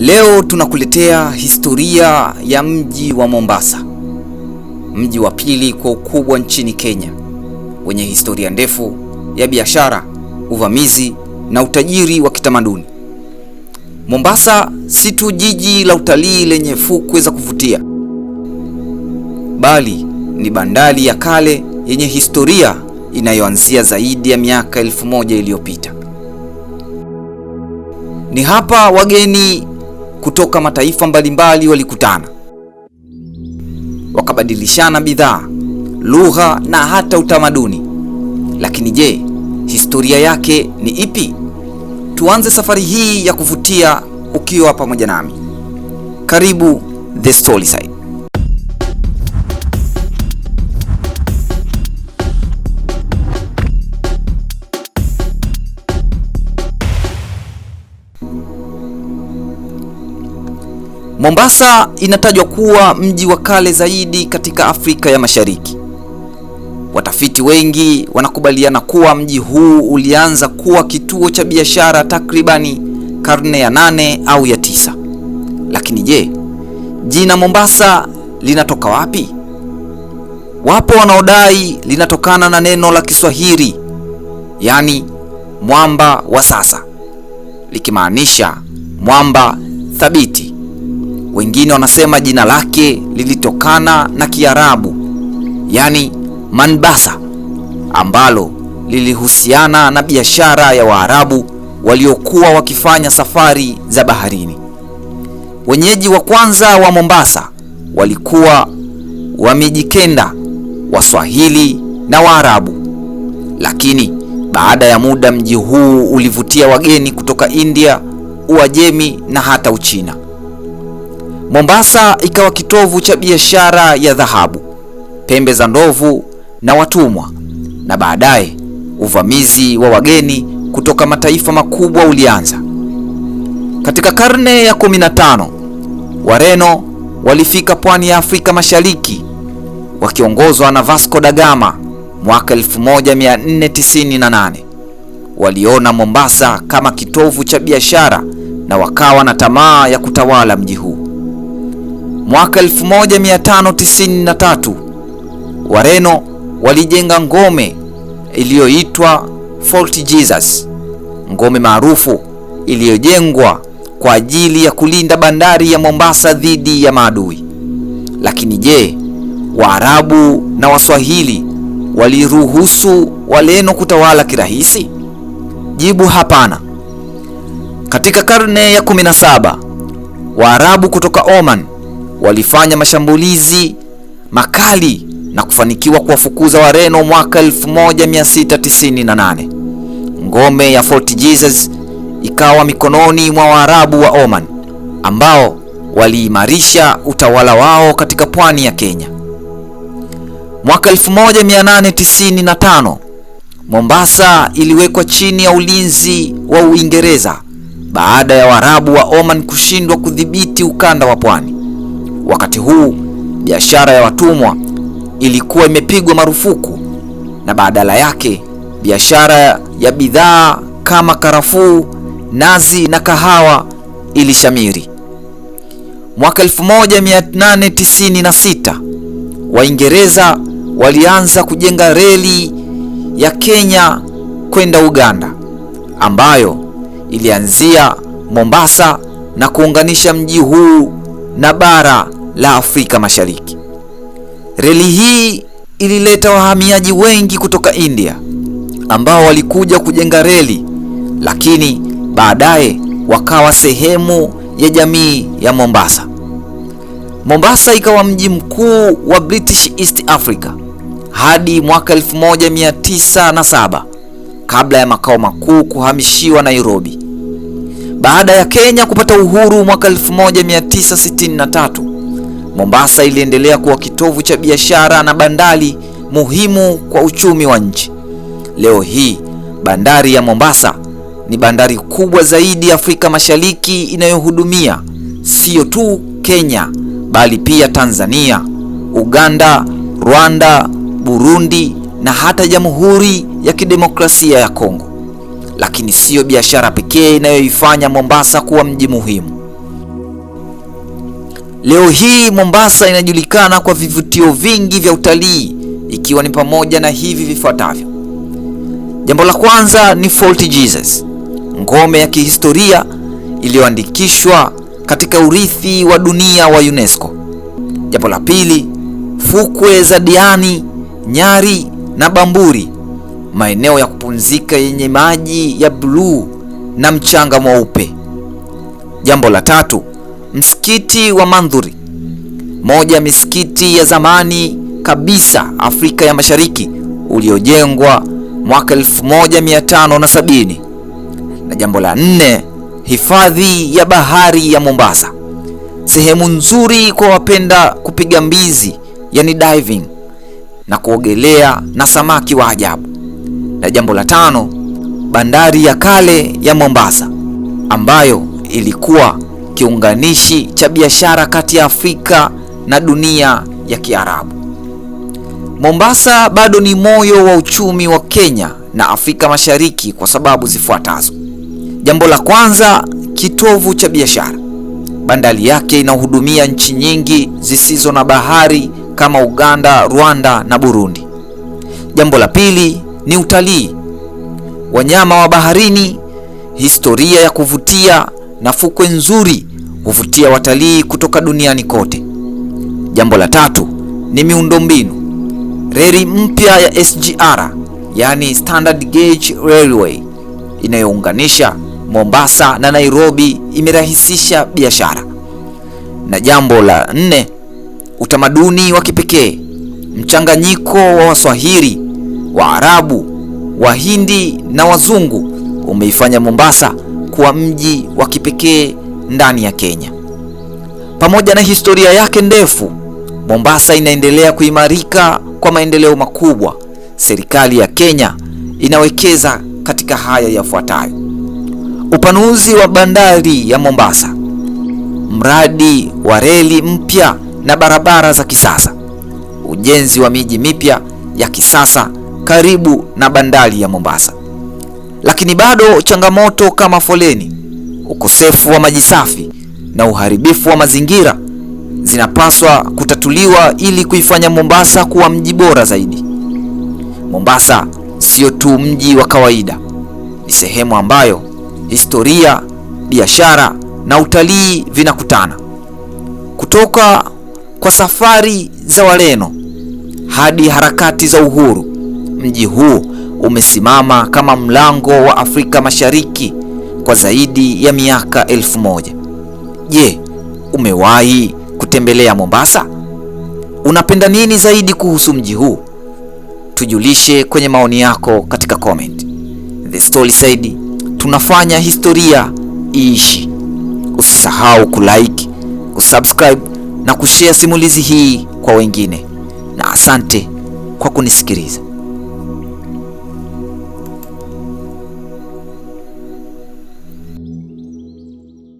Leo tunakuletea historia ya mji wa Mombasa, mji wa pili kwa ukubwa nchini Kenya, wenye historia ndefu ya biashara, uvamizi na utajiri wa kitamaduni. Mombasa si tu jiji la utalii lenye fukwe za kuvutia, bali ni bandari ya kale yenye historia inayoanzia zaidi ya miaka elfu moja iliyopita. Ni hapa wageni kutoka mataifa mbalimbali walikutana, wakabadilishana bidhaa, lugha na hata utamaduni. Lakini je, historia yake ni ipi? Tuanze safari hii ya kuvutia ukiwa pamoja nami. Karibu The Storyside. Mombasa inatajwa kuwa mji wa kale zaidi katika Afrika ya Mashariki. Watafiti wengi wanakubaliana kuwa mji huu ulianza kuwa kituo cha biashara takribani karne ya nane au ya tisa. Lakini je, jina Mombasa linatoka wapi? Wapo wanaodai linatokana na neno la Kiswahili, yaani mwamba wa sasa, likimaanisha mwamba thabiti. Wengine wanasema jina lake lilitokana na Kiarabu, yaani Manbasa, ambalo lilihusiana na biashara ya Waarabu waliokuwa wakifanya safari za baharini. Wenyeji wa kwanza wa Mombasa walikuwa wamejikenda Waswahili na Waarabu, lakini baada ya muda mji huu ulivutia wageni kutoka India, Uajemi na hata Uchina. Mombasa ikawa kitovu cha biashara ya dhahabu, pembe za ndovu na watumwa, na baadaye uvamizi wa wageni kutoka mataifa makubwa ulianza. Katika karne ya 15 Wareno walifika pwani ya Afrika Mashariki wakiongozwa na Vasco da Gama. Mwaka 1498 waliona Mombasa kama kitovu cha biashara na wakawa na tamaa ya kutawala mji huu. Mwaka 1593 Wareno walijenga ngome iliyoitwa Fort Jesus, ngome maarufu iliyojengwa kwa ajili ya kulinda bandari ya Mombasa dhidi ya maadui. Lakini je, Waarabu na Waswahili waliruhusu Wareno kutawala kirahisi? Jibu, hapana. Katika karne ya 17 Waarabu kutoka Oman walifanya mashambulizi makali na kufanikiwa kuwafukuza Wareno mwaka 1698. Ngome ya Fort Jesus ikawa mikononi mwa Waarabu wa Oman ambao waliimarisha utawala wao katika pwani ya Kenya. Mwaka 1895 Mombasa iliwekwa chini ya ulinzi wa Uingereza baada ya Waarabu wa Oman kushindwa kudhibiti ukanda wa pwani. Wakati huu biashara ya watumwa ilikuwa imepigwa marufuku na badala yake biashara ya bidhaa kama karafuu, nazi na kahawa ilishamiri. Mwaka 1896 Waingereza walianza kujenga reli ya Kenya kwenda Uganda ambayo ilianzia Mombasa na kuunganisha mji huu na bara la Afrika Mashariki. Reli hii ilileta wahamiaji wengi kutoka India ambao walikuja kujenga reli, lakini baadaye wakawa sehemu ya jamii ya Mombasa. Mombasa ikawa mji mkuu wa British East Africa hadi mwaka 1907 kabla ya makao makuu kuhamishiwa Nairobi. Baada ya Kenya kupata uhuru mwaka 1963, Mombasa iliendelea kuwa kitovu cha biashara na bandari muhimu kwa uchumi wa nchi. Leo hii bandari ya Mombasa ni bandari kubwa zaidi Afrika Mashariki inayohudumia sio tu Kenya bali pia Tanzania, Uganda, Rwanda, Burundi na hata Jamhuri ya Kidemokrasia ya Kongo. Lakini siyo biashara pekee inayoifanya Mombasa kuwa mji muhimu. Leo hii Mombasa inajulikana kwa vivutio vingi vya utalii ikiwa ni pamoja na hivi vifuatavyo. Jambo la kwanza ni Fort Jesus, ngome ya kihistoria iliyoandikishwa katika urithi wa dunia wa UNESCO. Jambo la pili, fukwe za Diani, Nyari na Bamburi, maeneo ya kupumzika yenye maji ya bluu na mchanga mweupe. Jambo la tatu Msikiti wa Mandhuri, moja ya misikiti ya zamani kabisa Afrika ya Mashariki, uliojengwa mwaka 1570. Na, na jambo la nne, hifadhi ya bahari ya Mombasa, sehemu nzuri kwa wapenda kupiga mbizi, yani diving, na kuogelea na samaki wa ajabu. Na jambo la tano, bandari ya kale ya Mombasa ambayo ilikuwa kiunganishi cha biashara kati ya Afrika na dunia ya Kiarabu. Mombasa bado ni moyo wa uchumi wa Kenya na Afrika Mashariki kwa sababu zifuatazo. Jambo la kwanza, kitovu cha biashara. Bandari yake inahudumia nchi nyingi zisizo na bahari kama Uganda, Rwanda na Burundi. Jambo la pili ni utalii. Wanyama wa baharini, historia ya kuvutia na fukwe nzuri huvutia watalii kutoka duniani kote. Jambo la tatu ni miundombinu. Reli mpya ya SGR yaani Standard Gauge Railway inayounganisha Mombasa na Nairobi imerahisisha biashara. Na jambo la nne, utamaduni wa kipekee, mchanganyiko wa Waswahili, Waarabu, Wahindi na Wazungu umeifanya Mombasa kuwa mji wa kipekee ndani ya Kenya. Pamoja na historia yake ndefu, Mombasa inaendelea kuimarika kwa maendeleo makubwa. Serikali ya Kenya inawekeza katika haya yafuatayo: upanuzi wa bandari ya Mombasa, mradi wa reli mpya na barabara za kisasa, ujenzi wa miji mipya ya kisasa karibu na bandari ya Mombasa. Lakini bado changamoto kama foleni, ukosefu wa maji safi na uharibifu wa mazingira zinapaswa kutatuliwa ili kuifanya Mombasa kuwa mji bora zaidi. Mombasa sio tu mji wa kawaida, ni sehemu ambayo historia, biashara na utalii vinakutana. Kutoka kwa safari za Waleno hadi harakati za uhuru, mji huu umesimama kama mlango wa Afrika Mashariki kwa zaidi ya miaka elfu moja. Je, umewahi kutembelea Mombasa? Unapenda nini zaidi kuhusu mji huu? Tujulishe kwenye maoni yako katika comment. The Story Side tunafanya historia iishi. Usisahau kulike, kusubscribe na kushare simulizi hii kwa wengine, na asante kwa kunisikiliza.